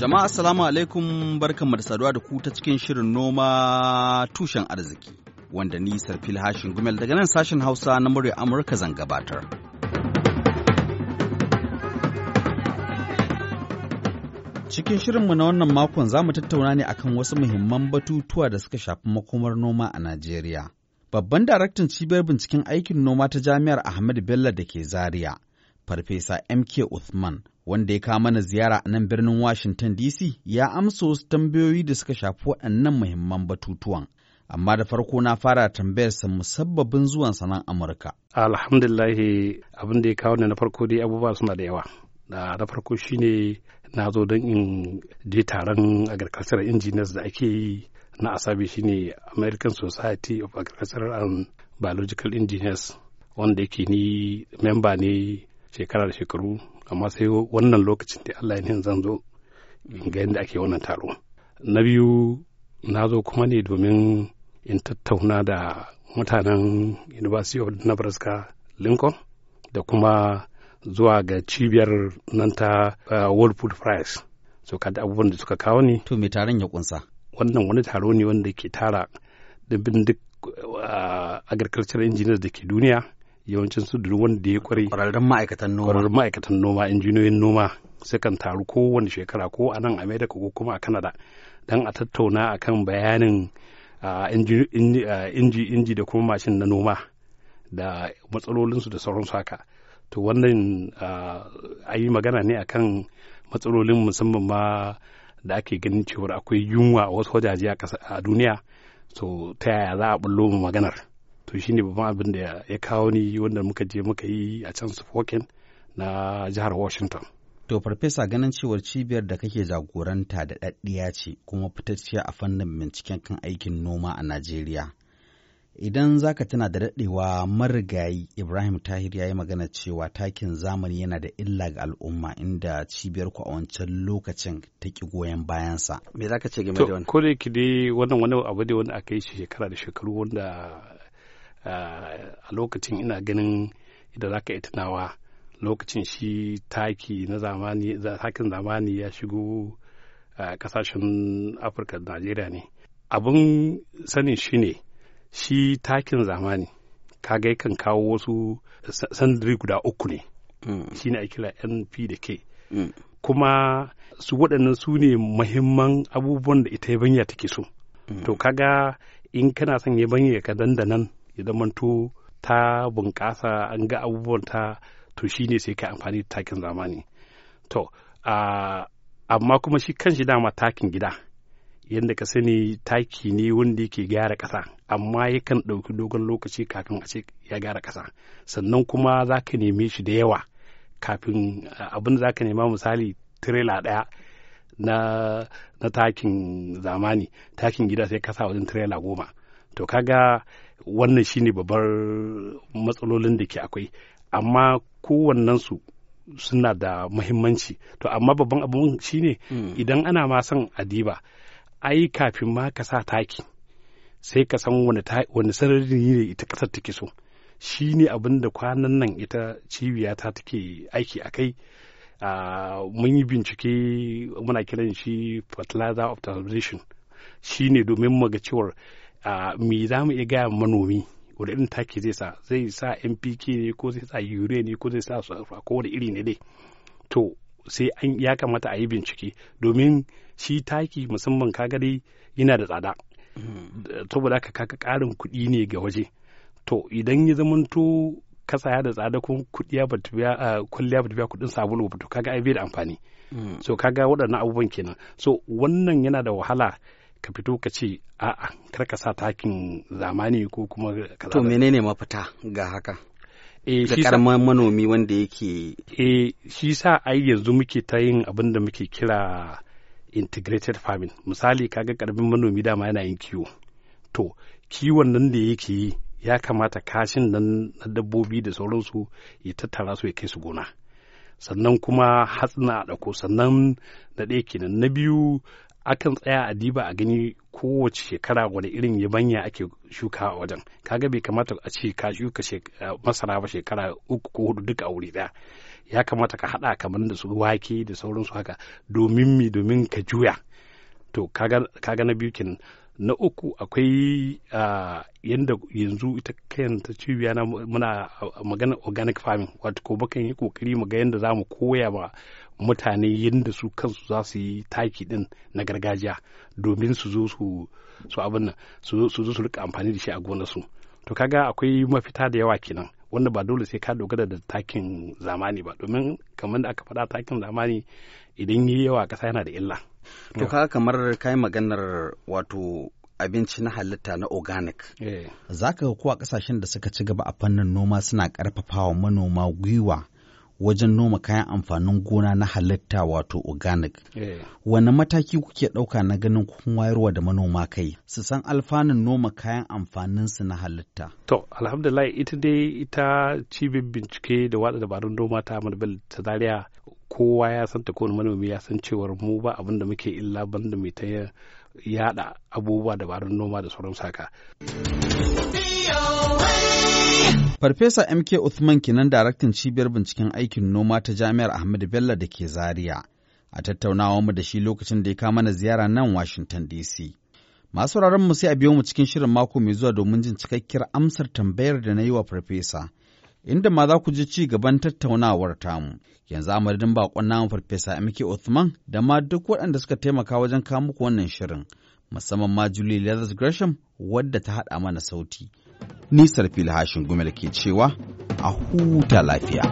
Jama'a assalamu alaikum barkanmu da saduwa da ku ta cikin shirin noma tushen arziki wanda ni Sarfil Hashin Gumel daga nan sashen Hausa na murya Amurka zan gabatar. Cikin shirinmu na wannan makon za mu tattauna ne akan wasu muhimman batutuwa da suka shafi makomar noma a Najeriya. Babban daraktan cibiyar binciken aikin noma ta Jami'ar Ahmadu Bello da ke Zaria, Farfesa MK Uthman wanda ya kama mana ziyara a nan birnin Washington DC ya amsa wasu tambayoyi da suka shafi waɗannan muhimman batutuwan. Amma da farko na fara tambayarsa musabbabin zuwan sanan Amurka. Alhamdulillah abin da ya kawo na farko dai abubuwa suna da yawa. Na farko shine na zo don in je taron agricultural engineers da ake yi na asabi shine American Society of Agricultural and Biological Engineers wanda yake ni memba ne shekara da shekaru amma sai wannan lokacin da Allah ya zan zo ga yadda ake wannan taro na biyu na zo kuma ne domin in tattauna da mutanen University of Nebraska Lincoln da kuma zuwa ga cibiyar nan ta uh, World Food Prize so kada abubuwan da suka kawo ne to me taron ya kunsa wannan wani taro ne wanda ke tara dubin duk uh, agricultural engineers da ke duniya yawancin su duk wanda ya kware kwararrun ma'aikatan noma kwararrun ma'aikatan noma injiniyoyin noma kan taru kowane shekara ko a nan america ko kuma a canada don a tattauna akan bayanin inji inji da kuma mashin na noma da matsalolinsu da sauransu haka to wannan a yi magana ne akan matsalolin musamman ma da ake ganin cewar akwai yunwa a wasu wajaje a duniya so ta yaya za a ɓallo maganar to shine babban abin da ya kawo ni wanda muka je muka yi a can Spokane na jihar Washington. To farfesa ganin cewar cibiyar da kake jagoranta da ɗaɗɗiya ce kuma fitacciya a fannin binciken kan aikin noma a Najeriya. Idan za ka tana da daɗewa marigayi Ibrahim Tahir ya yi magana cewa takin zamani yana da illa ga al'umma inda cibiyar ku a wancan lokacin ta ki goyon bayansa. Me za ka ce game da wannan? Ko da yake dai wannan wani abu ne wanda aka yi shekara da shekaru wanda a lokacin ina ganin idan za ka yi tunawa lokacin shi taki na zamani takin zamani ya shigo kasashen afirka da najeriya ne abin sanin shi ne shi takin zamani kaga yakan kawo wasu sandari guda uku ne mm. shi ne a kira np da k mm. kuma su waɗannan su ne mahimman abubuwan da ita yabanya take so mm. to kaga in kana son yabanya ka dandanan ya manto ta bunƙasa an ga abubuwan ta to shi ne sai kai amfani da takin zamani to amma kuma shi kanshi dama takin gida yadda ka sani taki ne wanda yake gyara ƙasa amma yakan ɗauki dogon lokaci kafin a ce ya gyara ƙasa sannan kuma za ka neme shi da yawa kafin abin da za ka nema misali tirela ɗaya na, na takin zamani takin gida sai kasa wajen tirela goma to kaga wannan shi ne babbar matsalolin da ke akwai amma kowannensu suna da muhimmanci to amma babban abin ne hmm. idan ana ma son adiba ai kafin ma ka sa taki sai ka san wani sarari ne ita kasar take so shi ne abin da kwanan nan ita cibiya ta take aiki a kai mun yi bincike muna kiran shi fertilizer of transition shi ne domin mu cewar me za mu iya gaya manomi wani irin taki zai sa zai sa npk ne ko zai sa urea ne ko zai sa sulfa ko wani iri ne dai to sai an ya kamata a yi bincike domin shi taki musamman kaga dai yana da tsada saboda ka kaka karin kuɗi ne ga waje to idan ya zamanto kasa ya da tsada ko kuɗiya ya biya biya kuɗin sabulu ba to kaga ai bai da amfani mm. so kaga waɗannan abubuwan kenan so wannan yana da wahala ka fito ka ce a'a kar ka sa takin zamani ko kuma kaza to menene mafita ga haka eh shi karaman manomi wanda yake eh shi sa ai yanzu muke ta yin abin da muke kira integrated farming misali kaga karamin manomi dama yana yin kiwo to kiwon nan da yake yi ya kamata kashin nan na dabbobi da sauransu ya tattara su ya kai su gona sannan kuma hatsina a ɗako sannan na ɗaya kenan na biyu akan tsaya a diba a gani kowace shekara wani irin yabanya ake shuka a wajen kaga bai kamata a ce ka shuka masara ba shekara uku ko hudu duka a wuri daya ya kamata ka hada kamar da su wake da sauransu haka domin mi domin ka juya to kaga na biyu kenan na uku akwai yadda yanzu ita ta cibiya na muna magana organic farming wato ko bakan yi kokari mu ga yadda za mu koya ba. mutane yadda su kansu za su yi taki din na gargajiya domin su zo su abin nan su zo su rika amfani da shi a gonarsu to kaga akwai mafita da yawa kenan wanda ba dole sai ka dogara da takin zamani ba domin kamar da aka faɗa takin zamani idan yi yawa ƙasa yana da illa to kaga kamar kai maganar wato abinci na halitta na organic. Eh. Za ka ga kuwa kasashen da suka ci gaba a fannin noma suna ƙarfafawa manoma gwiwa wajen noma kayan amfanin gona na halitta wato organic. Eh. Wane mataki kuke ɗauka na ganin kun wayarwa da manoma kai su san alfanun noma kayan amfanin su na halitta? To, alhamdulillah ita dai ita cibin bincike da wada dabarun noma ta ta Zaria kowa ya san ta kowane manomi ya san cewar mu ba abin da muke illa banda mai ta yada abubuwa dabarun noma da sauran saka. Farfesa MK Uthman kinan daraktan cibiyar binciken aikin noma ta Jami'ar Ahmadu Bello da ke Zaria a tattaunawa mu da shi lokacin da ya kama na ziyara nan Washington DC. Masu mu sai a biyo mu cikin shirin mako mai zuwa domin jin cikakkiyar amsar tambayar da na yi wa farfesa, inda ma za ku ji ci gaban tattaunawar tamu. Yanzu a madadin bakon namu farfesa MK Uthman da ma duk waɗanda suka taimaka wajen kawo muku wannan shirin, musamman ma Julie Leathers Gresham wadda ta haɗa mana sauti. Nisar filhashin gumel ke cewa a huta lafiya.